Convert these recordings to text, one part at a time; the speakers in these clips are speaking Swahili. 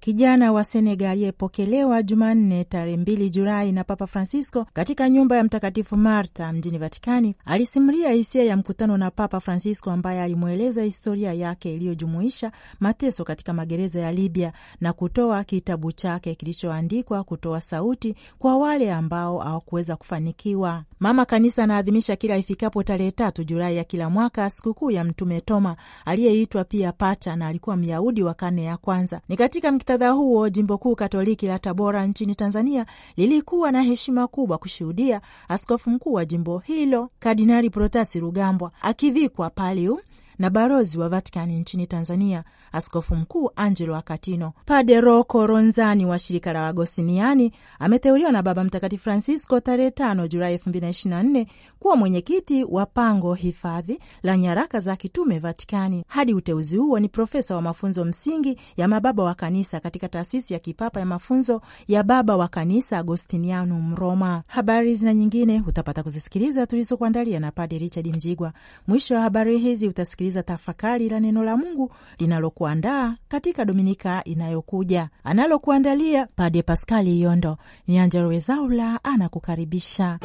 Kijana wa Senegal aliyepokelewa Jumanne tarehe mbili Julai na Papa Francisco katika nyumba ya Mtakatifu Marta mjini Vatikani alisimulia hisia ya mkutano na Papa Francisco ambaye alimweleza historia yake iliyojumuisha mateso katika magereza ya Libya na kutoa kitabu chake kilichoandikwa kutoa sauti kwa wale ambao hawakuweza kufanikiwa. Mama Kanisa anaadhimisha kila ifikapo tarehe tatu Julai ya kila mwaka sikukuu ya Mtume Toma aliyeitwa pia Pata na alikuwa Myahudi wa karne ya kwanza. Ni katika muktadha huo, jimbo kuu katoliki la Tabora nchini Tanzania lilikuwa na heshima kubwa kushuhudia askofu mkuu wa jimbo hilo Kardinali Protasi Rugambwa akivikwa palium na barozi wa Vatikani nchini Tanzania, askofu mkuu Angelo Akatino. Pade Roko Ronzani wa shirika la Wagosiniani ameteuliwa na Baba Mtakatifu Francisco tarehe 5 Julai 2024 kuwa mwenyekiti wa pango hifadhi la nyaraka za kitume Vatikani. Hadi uteuzi huo ni profesa wa mafunzo msingi ya mababa wa kanisa katika taasisi ya kipapa ya mafunzo ya baba wa kanisa agostinianu mroma Habari zina nyingine utapata kuzisikiliza tulizokuandalia na Padre Richard Mjigwa. Mwisho wa habari hizi utasikiliza tafakari la neno la Mungu linalokuandaa katika dominika inayokuja. Analokuandalia Padre Paskali Yondo. Ni Angella Rwezaula anakukaribisha.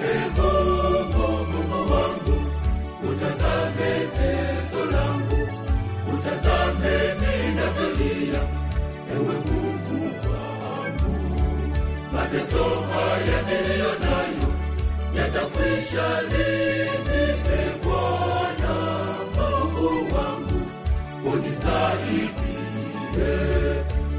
mateso haya niliyo nayo yatakwisha lini? E Bwana Mungu wangu unisaidie.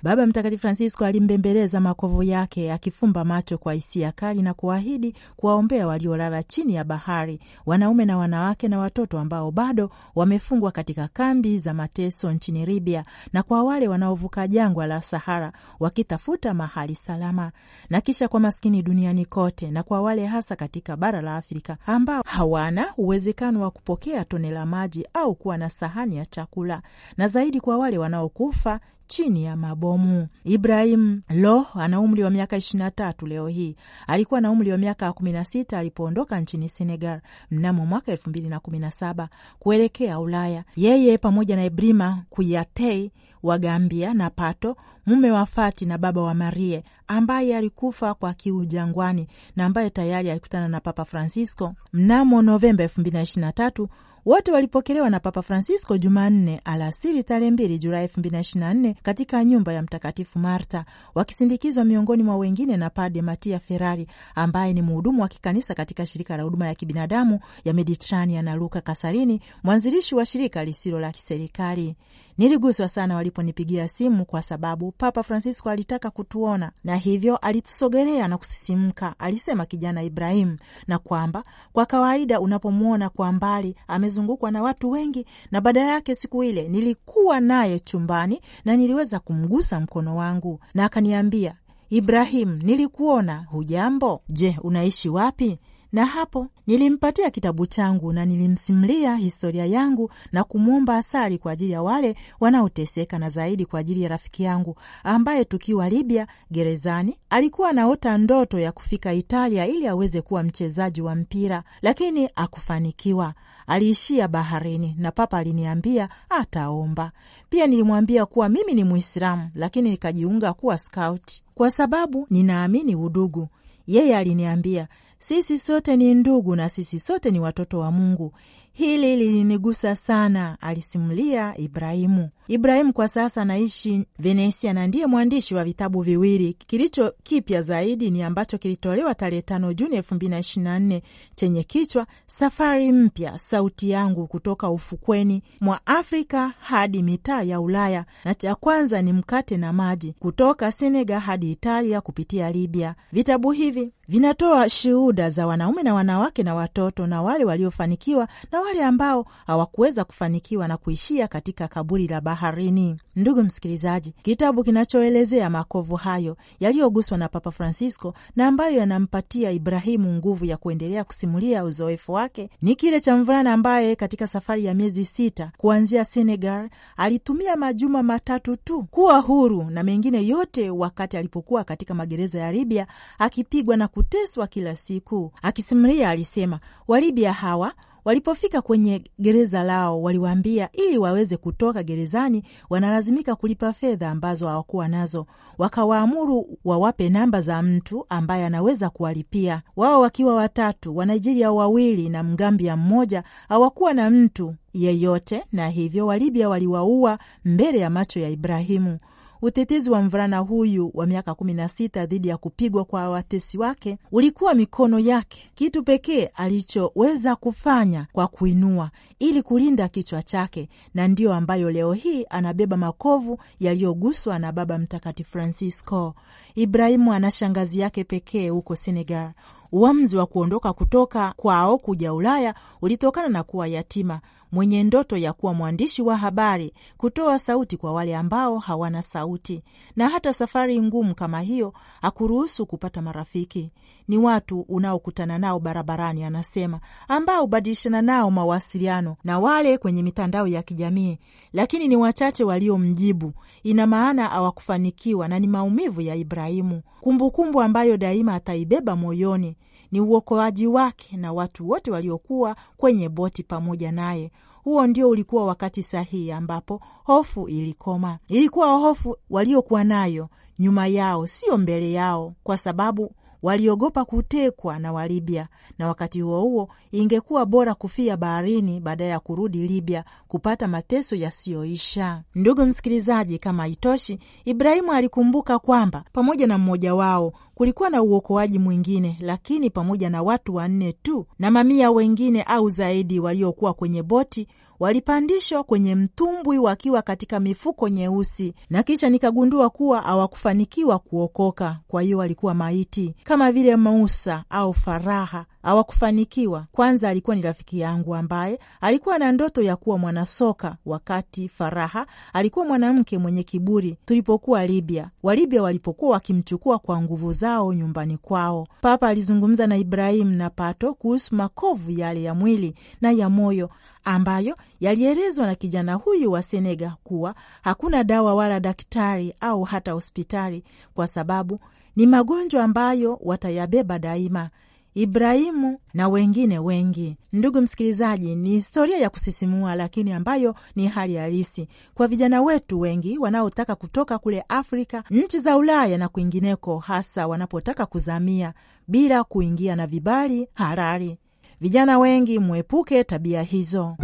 Baba Mtakatifu Francisco alimbembeleza makovu yake akifumba macho kwa hisia kali na kuahidi kuwaombea waliolala chini ya bahari, wanaume na wanawake na watoto ambao bado wamefungwa katika kambi za mateso nchini Libya, na kwa wale wanaovuka jangwa la Sahara wakitafuta mahali salama, na kisha kwa maskini duniani kote, na kwa wale hasa katika bara la Afrika ambao hawana uwezekano wa kupokea tone la maji au kuwa na sahani ya chakula, na zaidi kwa wale wanaokufa chini ya mabo kaumu. Ibrahim Lo ana umri wa miaka ishirina tatu leo hii. Alikuwa na umri wa miaka kumi na sita alipoondoka nchini Senegal mnamo mwaka elfu mbili na kumi na saba kuelekea Ulaya. Yeye pamoja na Ibrima Kuyatei wa Gambia na Pato mume wa Fati na baba wa Marie ambaye alikufa kwa kiu jangwani na ambaye tayari alikutana na Papa Francisco mnamo Novemba elfu mbili na na tatu wote walipokelewa na Papa Francisco Jumanne alasiri tarehe mbili Julai elfu mbili na na nne katika nyumba ya Mtakatifu Marta, wakisindikizwa miongoni mwa wengine na Padre Matia Ferrari ambaye ni mhudumu wa kikanisa katika shirika la huduma ya kibinadamu ya Mediterania na Luka Kasarini, mwanzilishi wa shirika lisilo la kiserikali. Niliguswa sana waliponipigia simu, kwa sababu Papa Francisco alitaka kutuona na hivyo alitusogelea na kusisimka, alisema kijana Ibrahimu, na kwamba kwa kawaida unapomwona kwa mbali amezungukwa na watu wengi, na badala yake siku ile nilikuwa naye chumbani na niliweza kumgusa mkono wangu, na akaniambia Ibrahimu, nilikuona. Hujambo? Je, unaishi wapi? na hapo nilimpatia kitabu changu na nilimsimulia historia yangu na kumwomba asali kwa ajili ya wale wanaoteseka na zaidi kwa ajili ya rafiki yangu ambaye tukiwa Libya gerezani alikuwa anaota ndoto ya kufika Italia ili aweze kuwa mchezaji wa mpira, lakini akufanikiwa. Aliishia baharini na papa aliniambia ataomba. Pia nilimwambia kuwa mimi ni Muislamu, lakini nikajiunga kuwa scout kwa sababu ninaamini udugu. Yeye aliniambia sisi sote ni ndugu na sisi sote ni watoto wa Mungu. Hili lilinigusa sana, alisimulia Ibrahimu. Ibrahimu kwa sasa anaishi Venesia na ndiye mwandishi wa vitabu viwili. Kilicho kipya zaidi ni ambacho kilitolewa tarehe tano Juni elfu mbili na ishirini na nne chenye kichwa Safari Mpya, Sauti Yangu, kutoka ufukweni mwa Afrika hadi mitaa ya Ulaya, na cha kwanza ni Mkate na Maji, kutoka Senegal hadi Italia kupitia Libya. Vitabu hivi vinatoa shuhuda za wanaume na wanawake na watoto na wale waliofanikiwa na wale ambao hawakuweza kufanikiwa na kuishia katika kaburi la baharini. Ndugu msikilizaji, kitabu kinachoelezea makovu hayo yaliyoguswa na Papa Francisco na ambayo yanampatia Ibrahimu nguvu ya kuendelea kusimulia uzoefu wake ni kile cha mvulana ambaye katika safari ya miezi sita kuanzia Senegal alitumia majuma matatu tu kuwa huru na mengine yote wakati alipokuwa katika magereza ya Libya akipigwa na kuteswa kila siku. Akisimulia alisema, Walibya hawa Walipofika kwenye gereza lao, waliwaambia ili waweze kutoka gerezani wanalazimika kulipa fedha ambazo hawakuwa nazo. Wakawaamuru wawape namba za mtu ambaye anaweza kuwalipia. Wao wakiwa watatu, wanaijeria wawili na Mgambia mmoja, hawakuwa na mtu yeyote, na hivyo Walibya waliwaua mbele ya macho ya Ibrahimu. Utetezi wa mvulana huyu wa miaka kumi na sita dhidi ya kupigwa kwa watesi wake ulikuwa mikono yake, kitu pekee alichoweza kufanya kwa kuinua ili kulinda kichwa chake, na ndiyo ambayo leo hii anabeba makovu yaliyoguswa na Baba Mtakatifu Francisco. Ibrahimu ana shangazi yake pekee huko Senegal. Uamuzi wa kuondoka kutoka kwao kuja Ulaya ulitokana na kuwa yatima mwenye ndoto ya kuwa mwandishi wa habari, kutoa sauti kwa wale ambao hawana sauti. Na hata safari ngumu kama hiyo hakuruhusu kupata marafiki. Ni watu unaokutana nao barabarani, anasema, ambao hubadilishana nao mawasiliano na wale kwenye mitandao ya kijamii, lakini ni wachache waliomjibu. Ina maana hawakufanikiwa, na ni maumivu ya Ibrahimu, kumbukumbu kumbu ambayo daima ataibeba moyoni ni uokoaji wake na watu wote waliokuwa kwenye boti pamoja naye. Huo ndio ulikuwa wakati sahihi ambapo hofu ilikoma. Ilikuwa hofu waliokuwa nayo nyuma yao, sio mbele yao, kwa sababu waliogopa kutekwa na Walibya, na wakati huo huo ingekuwa bora kufia baharini baada ya kurudi Libya kupata mateso yasiyoisha. Ndugu msikilizaji, kama itoshi Ibrahimu alikumbuka kwamba pamoja na mmoja wao kulikuwa na uokoaji mwingine, lakini pamoja na watu wanne tu na mamia wengine au zaidi waliokuwa kwenye boti walipandishwa kwenye mtumbwi wakiwa katika mifuko nyeusi, na kisha nikagundua kuwa hawakufanikiwa kuokoka. Kwa hiyo walikuwa maiti kama vile Musa au Faraha hawakufanikiwa. Kwanza alikuwa ni rafiki yangu ambaye alikuwa na ndoto ya kuwa mwanasoka, wakati Faraha alikuwa mwanamke mwenye kiburi. Tulipokuwa Libya, Walibya walipokuwa wakimchukua kwa nguvu zao nyumbani kwao, Papa alizungumza na Ibrahimu na Pato kuhusu makovu yale ya mwili na ya moyo ambayo yalielezwa na kijana huyu wa Senega kuwa hakuna dawa wala daktari au hata hospitali, kwa sababu ni magonjwa ambayo watayabeba daima. Ibrahimu na wengine wengi. Ndugu msikilizaji, ni historia ya kusisimua, lakini ambayo ni hali halisi kwa vijana wetu wengi wanaotaka kutoka kule Afrika, nchi za Ulaya na kwingineko, hasa wanapotaka kuzamia bila kuingia na vibali halali. Vijana wengi, mwepuke tabia hizo.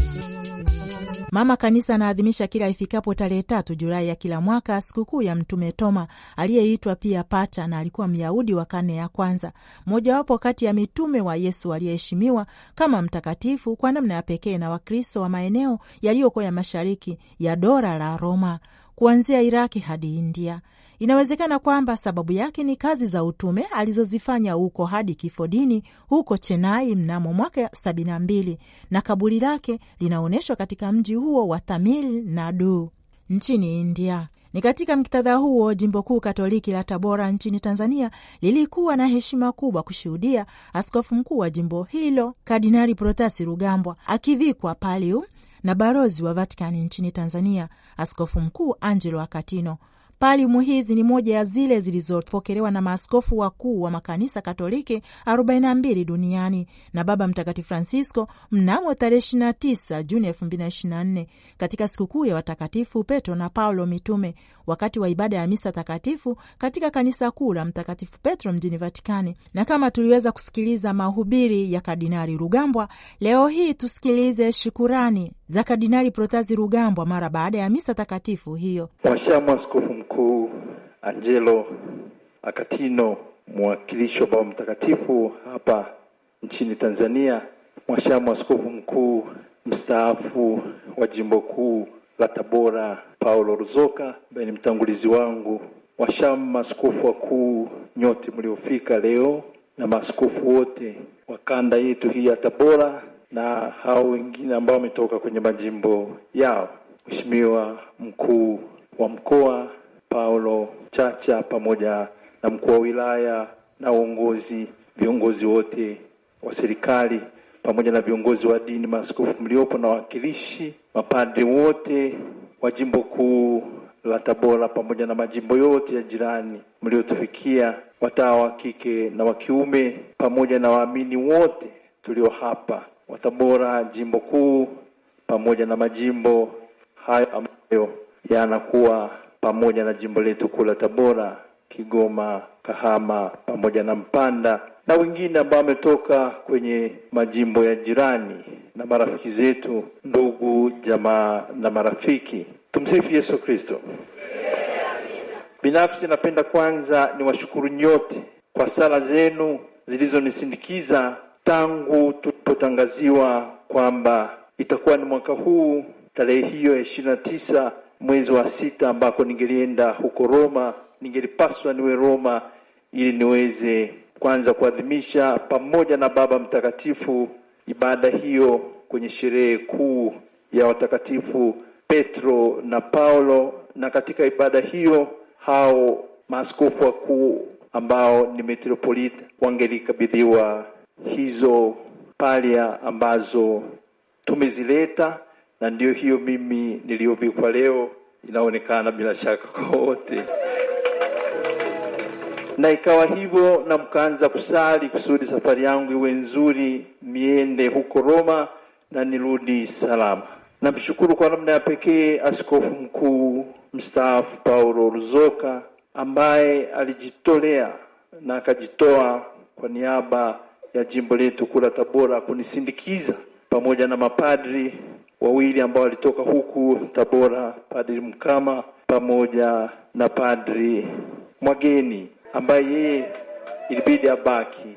Mama Kanisa anaadhimisha kila ifikapo tarehe tatu Julai ya kila mwaka sikukuu ya Mtume Toma aliyeitwa pia Pata na alikuwa Myahudi wa karne ya kwanza, mojawapo kati ya mitume wa Yesu aliyeheshimiwa kama mtakatifu kwa namna ya pekee na Wakristo wa maeneo yaliyokuwa ya mashariki ya dola la Roma kuanzia Iraki hadi India. Inawezekana kwamba sababu yake ni kazi za utume alizozifanya huko hadi kifodini huko Chennai mnamo mwaka sabini na mbili na kaburi lake linaonyeshwa katika mji huo wa Tamil Nadu nchini India. Ni katika mktadha huo jimbo kuu Katoliki la Tabora nchini Tanzania lilikuwa na heshima kubwa kushuhudia askofu mkuu wa jimbo hilo Kardinali Protasi Rugambwa akivikwa palium na barozi wa Vatikani nchini Tanzania, askofu mkuu Angelo Akatino Palimu hizi ni moja ya zile zilizopokelewa na maaskofu wakuu wa makanisa Katoliki 42 duniani na Baba Mtakatifu Francisco mnamo tarehe 29 Juni 2024 katika sikukuu ya watakatifu Petro na Paulo mitume, wakati wa ibada ya misa takatifu katika kanisa kuu la Mtakatifu Petro mjini Vatikani. Na kama tuliweza kusikiliza mahubiri ya Kardinali Rugambwa, leo hii tusikilize shukurani za Kardinali Protazi Rugambwa mara baada ya misa takatifu hiyo. mwashama Askofu Mkuu Angelo Akatino, mwakilishi wa Baba Mtakatifu hapa nchini Tanzania, mwashama Askofu Mkuu mstaafu wa jimbo kuu la Tabora Paulo Ruzoka, ambaye ni mtangulizi wangu, washamu maskofu wakuu nyote mliofika leo na maskofu wote wa kanda yetu hii ya Tabora na hao wengine ambao wametoka kwenye majimbo yao, Mheshimiwa mkuu wa mkoa Paulo Chacha pamoja na mkuu wa wilaya na uongozi, viongozi wote wa serikali pamoja na viongozi wa dini, maaskofu mliopo na wawakilishi, mapadri wote wa jimbo kuu la Tabora pamoja na majimbo yote ya jirani mliotufikia, watawa wa kike na wa kiume, pamoja na waamini wote tulio hapa wa Tabora jimbo kuu pamoja na majimbo hayo ambayo yanakuwa pamoja na jimbo letu kuu la Tabora, Kigoma, Kahama pamoja na Mpanda na wengine ambao wametoka kwenye majimbo ya jirani na marafiki zetu, ndugu jamaa na marafiki. Tumsifu Yesu Kristo. Binafsi napenda kwanza niwashukuru nyote kwa sala zenu zilizonisindikiza tangu tulipotangaziwa kwamba itakuwa ni mwaka huu tarehe hiyo ya ishirini na tisa mwezi wa sita ambako ningelienda huko Roma, ningelipaswa niwe Roma ili niweze kwanza kuadhimisha pamoja na Baba Mtakatifu ibada hiyo kwenye sherehe kuu ya watakatifu Petro na Paulo, na katika ibada hiyo hao maaskofu wakuu ambao ni metropolita wangelikabidhiwa hizo palia ambazo tumezileta, na ndiyo hiyo mimi niliyovikwa leo inaonekana bila shaka kwa wote na ikawa hivyo, na mkaanza kusali kusudi safari yangu iwe nzuri, niende huko Roma na nirudi salama. Namshukuru kwa namna ya pekee Askofu Mkuu mstaafu Paulo Ruzoka ambaye alijitolea na akajitoa kwa niaba ya jimbo letu kula Tabora kunisindikiza pamoja na mapadri wawili ambao walitoka huku Tabora, Padri Mkama pamoja na Padri Mwageni ambaye yeye ilibidi abaki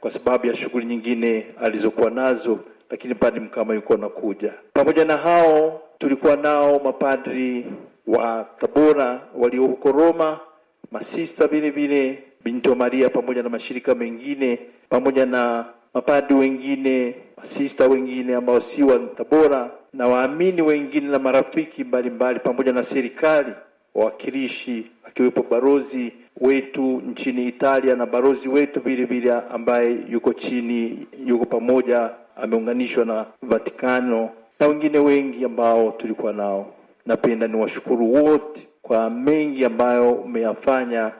kwa sababu ya shughuli nyingine alizokuwa nazo, lakini Padri Mkama yuko anakuja. Pamoja na hao tulikuwa nao mapadri wa Tabora walio huko Roma, masista vile vile Binto Maria, pamoja na mashirika mengine, pamoja na mapadri wengine, masista wengine ambao si wa Tabora na waamini wengine na marafiki mbalimbali mbali, pamoja na serikali wawakilishi akiwepo barozi wetu nchini Italia na barozi wetu vile vile ambaye yuko chini, yuko pamoja, ameunganishwa na Vatikano na wengine wengi ambao tulikuwa nao. Napenda niwashukuru wote kwa mengi ambayo umeyafanya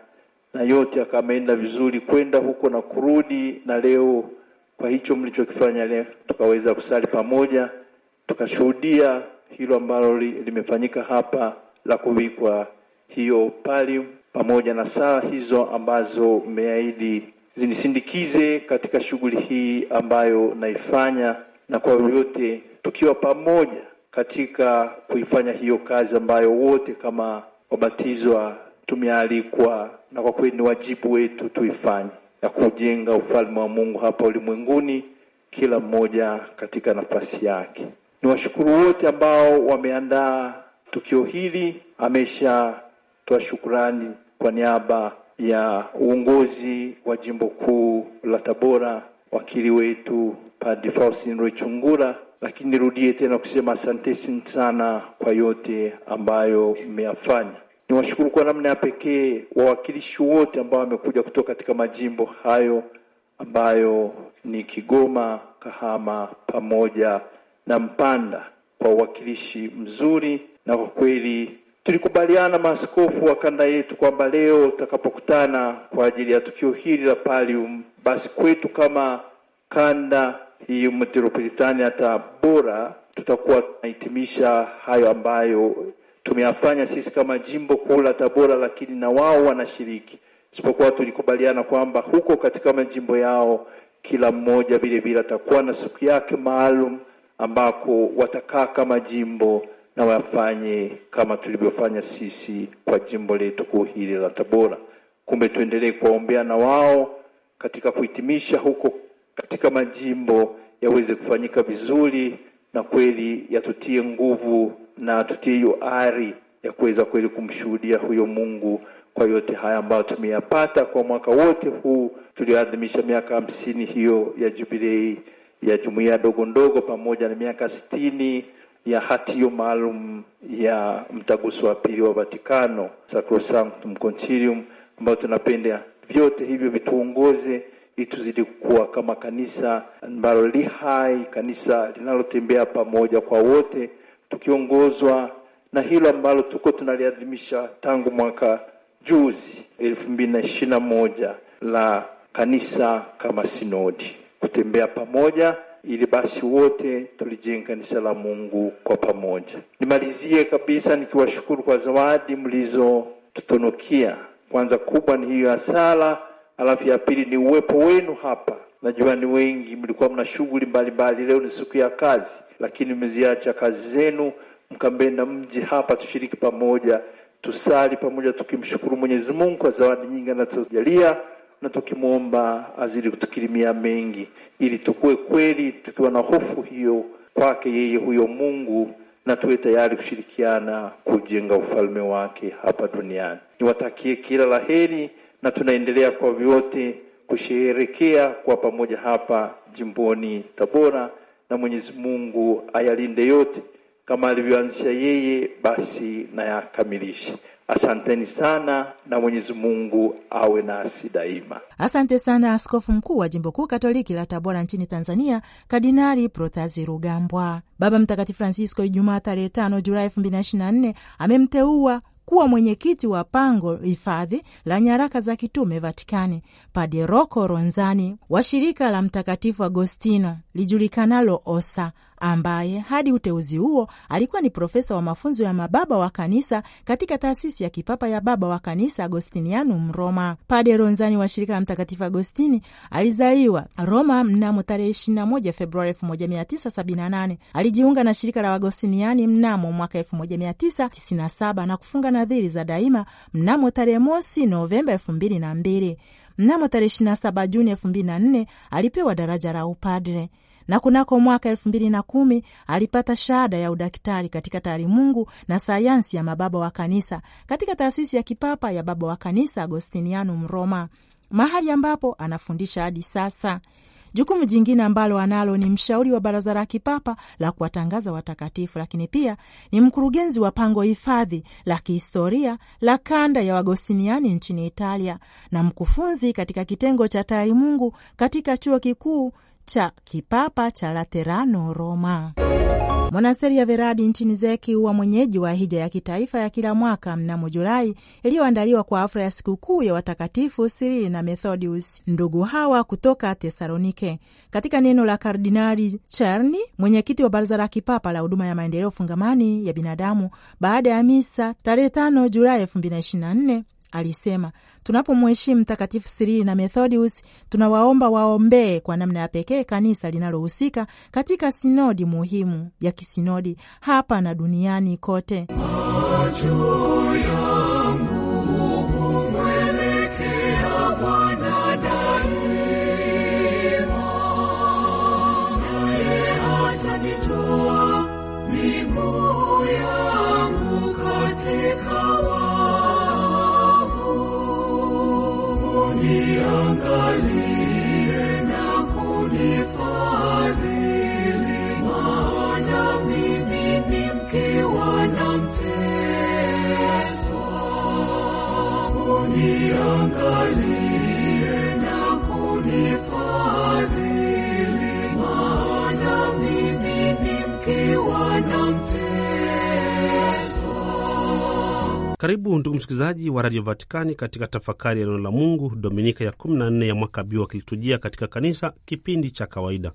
na yote akameenda vizuri kwenda huko na kurudi, na leo kwa hicho mlichokifanya leo tukaweza kusali pamoja tukashuhudia hilo ambalo limefanyika hapa la kuvikwa hiyo pali pamoja na saa hizo ambazo mmeahidi zinisindikize katika shughuli hii ambayo naifanya, na kwa vyote tukiwa pamoja katika kuifanya hiyo kazi ambayo wote kama wabatizwa tumealikwa, na kwa kweli ni wajibu wetu tuifanye, ya kujenga ufalme wa Mungu hapa ulimwenguni, kila mmoja katika nafasi yake. Niwashukuru wote ambao wameandaa Tukio hili ameshatoa shukurani kwa niaba ya uongozi wa jimbo kuu la Tabora, wakili wetu Padre Faustin Rwechungura, lakini nirudie tena kusema asanteni sana kwa yote ambayo mmeyafanya. Niwashukuru kwa namna ya pekee wawakilishi wote ambao wamekuja kutoka katika majimbo hayo ambayo ni Kigoma, Kahama pamoja na Mpanda kwa uwakilishi mzuri na kwa kweli tulikubaliana maaskofu wa kanda yetu kwamba leo tutakapokutana kwa ajili ya tukio hili la Pallium, basi kwetu kama kanda hii metropolitania Tabora tutakuwa tunahitimisha hayo ambayo tumeyafanya sisi kama jimbo kuu la Tabora, lakini na wao wanashiriki, isipokuwa tulikubaliana kwamba huko katika majimbo yao kila mmoja vile vile atakuwa na siku yake maalum ambako watakaa kama jimbo na wafanye kama tulivyofanya sisi kwa jimbo letu kuu hili la Tabora. Kumbe tuendelee kuwaombea na wao katika kuhitimisha huko katika majimbo yaweze kufanyika vizuri, na kweli yatutie nguvu na tutie hiyo ari ya kuweza kweli kumshuhudia huyo Mungu kwa yote haya ambayo tumeyapata kwa mwaka wote huu tulioadhimisha miaka hamsini hiyo ya jubilei ya jumuiya ndogo ndogo pamoja na miaka sitini ya hati hiyo maalum ya mtaguso wa pili wa Vatikano, Sacrosanctum Concilium, ambayo tunapenda vyote hivyo vituongoze ili tuzidi kuwa kama kanisa ambalo li hai, kanisa linalotembea pamoja kwa wote, tukiongozwa na hilo ambalo tuko tunaliadhimisha tangu mwaka juzi elfu mbili na ishirini na moja la kanisa kama sinodi, kutembea pamoja ili basi wote tulijenga kanisa la Mungu kwa pamoja. Nimalizie kabisa nikiwashukuru kwa zawadi mlizotutunukia. Kwanza kubwa ni hiyo ya sala, alafu ya pili ni uwepo wenu hapa. Najua ni wengi mlikuwa mna shughuli mbalimbali, leo ni siku ya kazi, lakini mmeziacha kazi zenu mkambenda mji hapa, tushiriki pamoja, tusali pamoja, tukimshukuru Mwenyezi Mungu kwa zawadi nyingi anatujalia na tukimwomba azidi kutukirimia mengi ili tukue kweli tukiwa na hofu hiyo kwake yeye huyo Mungu na tuwe tayari kushirikiana kujenga ufalme wake hapa duniani. Niwatakie kila la heri, na tunaendelea kwa vyote kusherekea kwa pamoja hapa jimboni Tabora, na Mwenyezi Mungu ayalinde yote kama alivyoanzisha yeye, basi na yakamilishe. Asanteni sana na Mwenyezi Mungu awe nasi daima. Asante sana Askofu Mkuu wa Jimbo Kuu Katoliki la Tabora nchini Tanzania, Kardinali Protazi Rugambwa. Baba Mtakatifu Francisco Ijumaa tarehe 5 Julai 2024 amemteua kuwa mwenyekiti wa pango hifadhi la nyaraka za kitume Vatikani Padre Rocco Ronzani wa shirika la Mtakatifu Agostino lijulikanalo OSA ambaye hadi uteuzi huo alikuwa ni profesa wa mafunzo ya mababa wa kanisa katika taasisi ya kipapa ya baba wa kanisa Agostinianum mroma Pade Ronzani wa shirika la Mtakatifu Agostini alizaliwa Roma mnamo tarehe 21 Februari 1978. Alijiunga na shirika la Agostiniani mnamo mwaka 1997 na kufunga nadhiri za daima mnamo tarehe mosi Novemba 2002. Mnamo tarehe 27 Juni 2004 alipewa daraja la upadre na kunako mwaka elfu mbili na kumi alipata shahada ya udaktari katika taalimungu na sayansi ya mababa wa kanisa katika taasisi ya kipapa ya baba wa kanisa Agostinianum Mroma, mahali ambapo anafundisha hadi sasa. Jukumu jingine ambalo analo ni mshauri wa baraza la kipapa la kuwatangaza watakatifu, lakini pia ni mkurugenzi wa pango hifadhi la kihistoria la kanda ya Wagostiniani nchini Italia na mkufunzi katika kitengo cha mungu katika chuo kikuu cha kipapa cha Laterano, Roma. Monasteri ya Veradi nchini Zeki huwa mwenyeji wa hija ya kitaifa ya kila mwaka mnamo Julai, iliyoandaliwa kwa afra ya sikukuu ya watakatifu Sirili na Methodius, ndugu hawa kutoka thesalonike Katika neno la Kardinali Cherni, mwenyekiti wa Baraza la Kipapa la Huduma ya Maendeleo Fungamani ya Binadamu, baada ya misa tarehe 5 Julai 2024 alisema Tunapomheshimu Mtakatifu Sirili na Methodius, tunawaomba waombee kwa namna ya pekee kanisa linalohusika katika sinodi muhimu ya kisinodi hapa na duniani kote. Macho yangu uniangalie na kunifadhili, maana mimi ni mkiwa na mteswa. Uniangalie na kunifadhili, maana mimi ni mkiwa na mteswa. Karibu ndugu msikilizaji wa Radio Vatikani katika tafakari ya neno la Mungu, dominika ya 14 ya mwaka B wakilitujia katika kanisa, kipindi cha kawaida.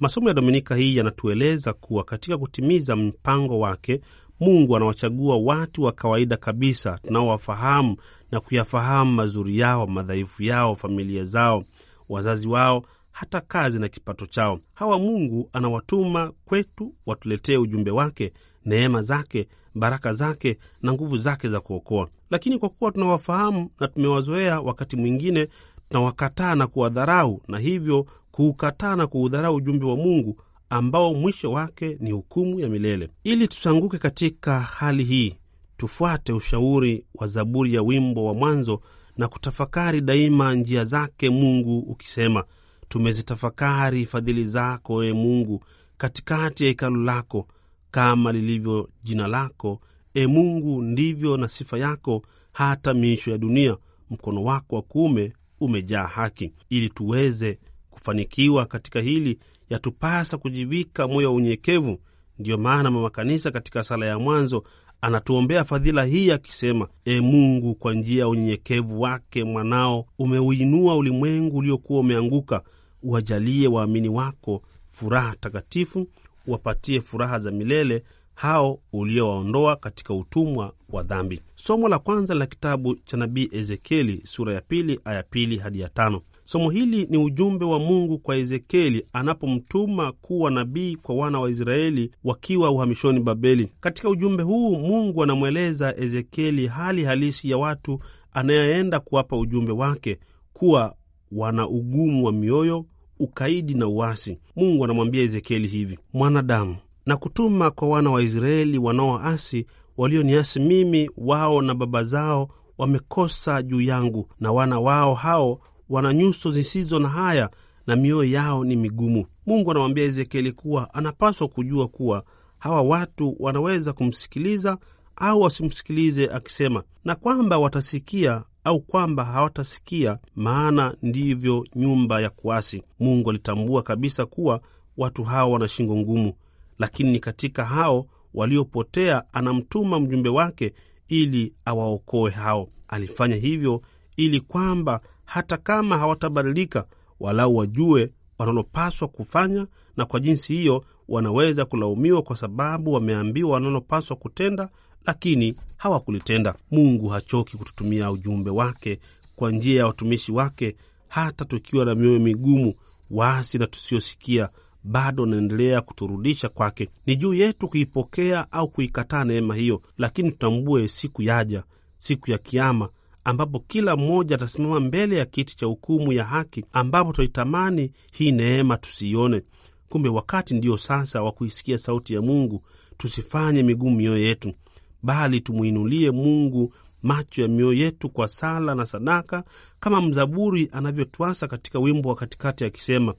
Masomo ya dominika hii yanatueleza kuwa katika kutimiza mpango wake Mungu anawachagua watu wa kawaida kabisa tunaowafahamu na kuyafahamu mazuri yao, madhaifu yao, familia zao, wazazi wao, hata kazi na kipato chao. Hawa Mungu anawatuma kwetu watuletee ujumbe wake neema zake, baraka zake na nguvu zake za kuokoa. Lakini kwa kuwa tunawafahamu na tumewazoea, wakati mwingine tunawakataa na kuwadharau, na hivyo kuukataa na kuudharau ujumbe wa Mungu ambao mwisho wake ni hukumu ya milele. Ili tusanguke katika hali hii, tufuate ushauri wa Zaburi ya wimbo wa mwanzo na kutafakari daima njia zake Mungu, ukisema tumezitafakari fadhili zako, e Mungu, katikati ya hekalu lako kama lilivyo jina lako, e Mungu, ndivyo na sifa yako hata miisho ya dunia. Mkono wako wa kuume umejaa haki. Ili tuweze kufanikiwa katika hili, yatupasa kujivika moyo wa unyenyekevu. Ndiyo maana mama kanisa katika sala ya mwanzo anatuombea fadhila hii akisema, E Mungu, kwa njia ya unyenyekevu wake mwanao umeuinua ulimwengu uliokuwa umeanguka, uwajalie waamini wako furaha takatifu wapatie furaha za milele hao uliowaondoa katika utumwa wa dhambi. Somo la kwanza la kitabu cha nabii Ezekieli sura ya pili aya pili hadi ya tano. Somo hili ni ujumbe wa Mungu kwa Ezekieli anapomtuma kuwa nabii kwa wana wa Israeli wakiwa uhamishoni Babeli. Katika ujumbe huu Mungu anamweleza Ezekieli hali halisi ya watu anayeenda kuwapa ujumbe wake, kuwa wana ugumu wa mioyo, ukaidi na uasi. Mungu anamwambia Ezekieli hivi, mwanadamu, na kutuma kwa wana wa Israeli wanaoasi, walioniasi mimi, wao na baba zao wamekosa juu yangu, na wana wao hao wana nyuso zisizo na haya na mioyo yao ni migumu. Mungu anamwambia Ezekieli kuwa anapaswa kujua kuwa hawa watu wanaweza kumsikiliza au wasimsikilize akisema, na kwamba watasikia au kwamba hawatasikia, maana ndivyo nyumba ya kuasi. Mungu alitambua kabisa kuwa watu hao wana shingo ngumu, lakini ni katika hao waliopotea anamtuma mjumbe wake ili awaokoe hao. Alifanya hivyo ili kwamba hata kama hawatabadilika, walau wajue wanalopaswa kufanya, na kwa jinsi hiyo wanaweza kulaumiwa kwa sababu wameambiwa wanalopaswa kutenda lakini hawakulitenda. Mungu hachoki kututumia ujumbe wake kwa njia ya watumishi wake, hata tukiwa na mioyo migumu, waasi na tusiosikia, bado anaendelea kuturudisha kwake. Ni juu yetu kuipokea au kuikataa neema hiyo, lakini tutambue siku yaja, siku ya Kiama, ambapo kila mmoja atasimama mbele ya kiti cha hukumu ya haki, ambapo twaitamani hii neema tusiione. Kumbe wakati ndiyo sasa wa kuisikia sauti ya Mungu. Tusifanye migumu mioyo yetu bali tumwinulie Mungu macho ya mioyo yetu kwa sala na sadaka, kama mzaburi anavyotwasa katika wimbo wa katikati akisema,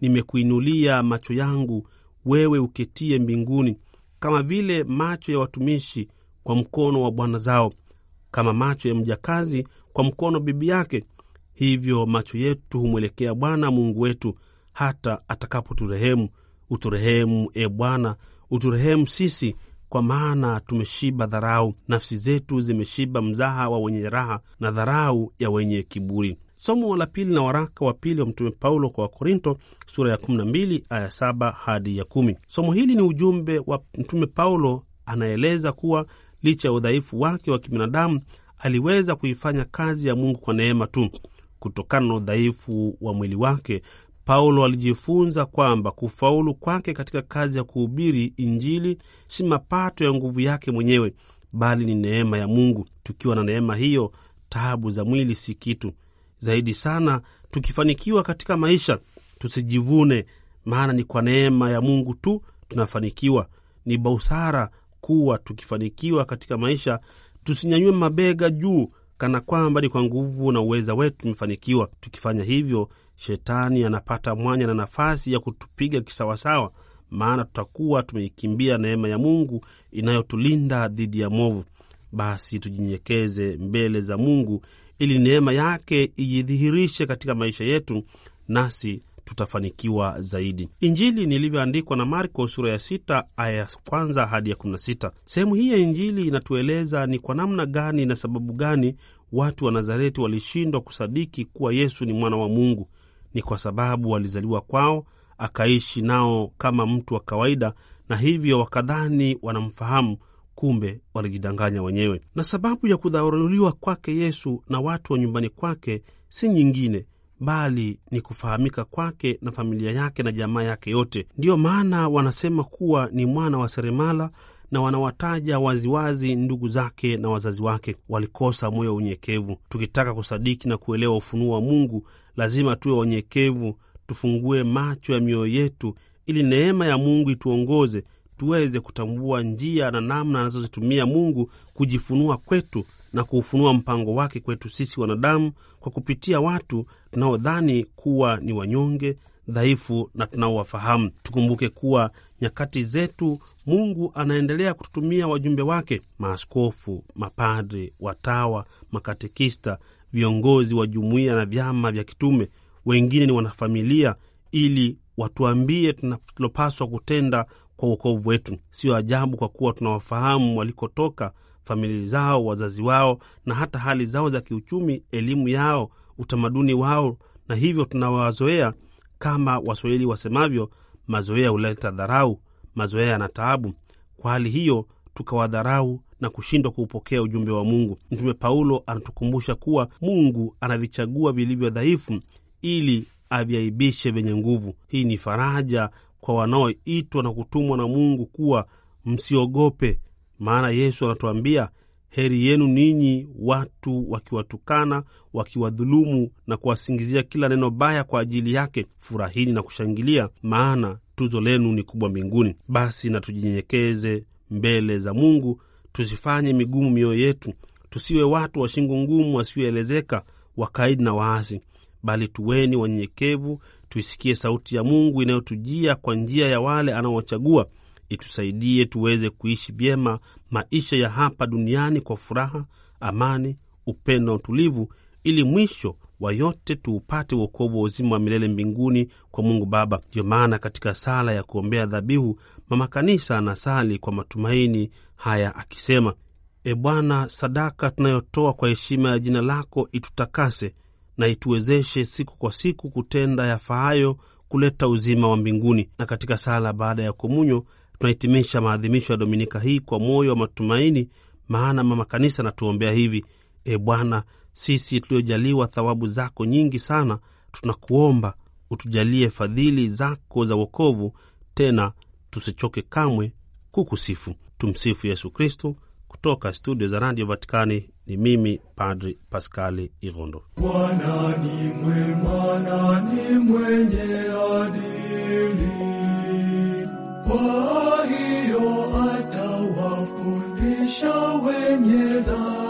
nimekuinulia macho yangu wewe uketie mbinguni, kama vile macho ya watumishi kwa mkono wa bwana zao, kama macho ya mjakazi kwa mkono bibi yake, hivyo macho yetu humwelekea Bwana Mungu wetu hata atakapoturehemu. Uturehemu, e Bwana, uturehemu sisi kwa maana tumeshiba dharau, nafsi zetu zimeshiba mzaha wa wenye raha na dharau ya wenye kiburi. Somo la pili na waraka wa pili wa Mtume Paulo kwa Wakorinto sura ya 12 aya 7 hadi ya 10. Somo hili ni ujumbe wa Mtume Paulo, anaeleza kuwa licha ya udhaifu wake wa kibinadamu aliweza kuifanya kazi ya Mungu kwa neema tu. Kutokana na udhaifu wa mwili wake, Paulo alijifunza kwamba kufaulu kwake katika kazi ya kuhubiri Injili si mapato ya nguvu yake mwenyewe, bali ni neema ya Mungu. Tukiwa na neema hiyo, taabu za mwili si kitu. Zaidi sana, tukifanikiwa katika maisha, tusijivune, maana ni kwa neema ya Mungu tu tunafanikiwa. Ni busara kuwa tukifanikiwa katika maisha, tusinyanyue mabega juu kana kwamba ni kwa nguvu na uweza wetu tumefanikiwa. Tukifanya hivyo shetani anapata mwanya na nafasi ya kutupiga kisawasawa, maana tutakuwa tumeikimbia neema ya Mungu inayotulinda dhidi ya movu. Basi tujinyenyekeze mbele za Mungu ili neema yake ijidhihirishe katika maisha yetu, nasi tutafanikiwa zaidi. Injili nilivyoandikwa na Marko sura ya sita aya ya kwanza hadi ya kumi na sita. Sehemu hii ya Injili inatueleza ni kwa namna gani na sababu gani watu wa Nazareti walishindwa kusadiki kuwa Yesu ni mwana wa Mungu ni kwa sababu walizaliwa kwao, akaishi nao kama mtu wa kawaida, na hivyo wakadhani wanamfahamu, kumbe walijidanganya wenyewe. Na sababu ya kudharauliwa kwake Yesu na watu wa nyumbani kwake si nyingine bali ni kufahamika kwake na familia yake na jamaa yake yote. Ndiyo maana wanasema kuwa ni mwana wa seremala na wanawataja waziwazi ndugu zake na wazazi wake. Walikosa moyo wa unyenyekevu. Tukitaka kusadiki na kuelewa ufunuo wa Mungu, Lazima tuwe wanyekevu, tufungue macho ya mioyo yetu, ili neema ya Mungu ituongoze tuweze kutambua njia na namna anazozitumia Mungu kujifunua kwetu na kuufunua mpango wake kwetu sisi wanadamu kwa kupitia watu tunaodhani kuwa ni wanyonge, dhaifu na tunaowafahamu. Tukumbuke kuwa nyakati zetu Mungu anaendelea kututumia wajumbe wake, maaskofu, mapadri, watawa, makatekista viongozi wa jumuiya na vyama vya kitume, wengine ni wanafamilia, ili watuambie tunalopaswa kutenda kwa uokovu wetu. Sio ajabu kwa kuwa tunawafahamu walikotoka, familia zao, wazazi wao, na hata hali zao za kiuchumi, elimu yao, utamaduni wao, na hivyo tunawazoea. Kama Waswahili wasemavyo, mazoea huleta dharau, mazoea yana taabu. Kwa hali hiyo, tukawadharau na kushindwa kuupokea ujumbe wa Mungu. Mtume Paulo anatukumbusha kuwa Mungu anavichagua vilivyo dhaifu ili aviaibishe vyenye nguvu. Hii ni faraja kwa wanaoitwa na kutumwa na Mungu kuwa msiogope, maana Yesu anatuambia heri yenu ninyi watu wakiwatukana, wakiwadhulumu na kuwasingizia kila neno baya kwa ajili yake, furahini na kushangilia, maana tuzo lenu ni kubwa mbinguni. Basi na tujinyenyekeze mbele za Mungu Tusifanye migumu mioyo yetu, tusiwe watu wa shingo ngumu, wasioelezeka, wakaidi na waasi, bali tuweni wanyenyekevu, tuisikie sauti ya Mungu inayotujia kwa njia ya wale anaowachagua, itusaidie tuweze kuishi vyema maisha ya hapa duniani kwa furaha, amani, upendo na utulivu, ili mwisho wa yote tuupate uokovu wa uzima wa milele mbinguni kwa Mungu Baba. Ndiyo maana katika sala ya kuombea dhabihu, mama kanisa anasali kwa matumaini haya akisema, E Bwana, sadaka tunayotoa kwa heshima ya jina lako itutakase na ituwezeshe siku kwa siku kutenda yafaayo kuleta uzima wa mbinguni. Na katika sala baada ya komunyo tunahitimisha maadhimisho ya dominika hii kwa moyo wa matumaini, maana mama kanisa anatuombea hivi: E Bwana, sisi tuliojaliwa thawabu zako nyingi sana, tunakuomba utujalie fadhili zako za wokovu, tena tusichoke kamwe kukusifu. Tumsifu Yesu Kristu. Kutoka studio za Radio Vatikani ni mimi Padri Paskali Irondo. Bwana ni mwema na ni mwenye adili, kwa hiyo atawafundisha wenye dhambi.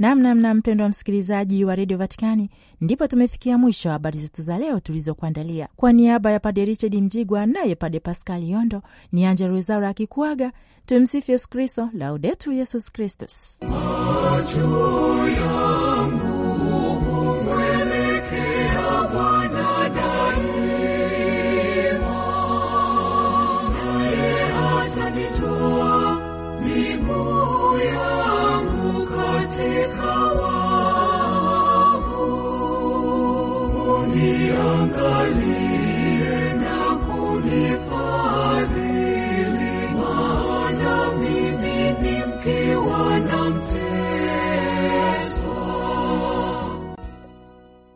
Namnamna mpendwa wa msikilizaji wa redio Vatikani, ndipo tumefikia mwisho wa habari zetu za leo tulizokuandalia. Kwa niaba ya Pade Richard Mjigwa naye Pade Paskali Yondo ni Anja Rwezaura akikuaga. Tumsifu Yesu Kristo, Laudetur Yesus Kristus. kuangalie na kuni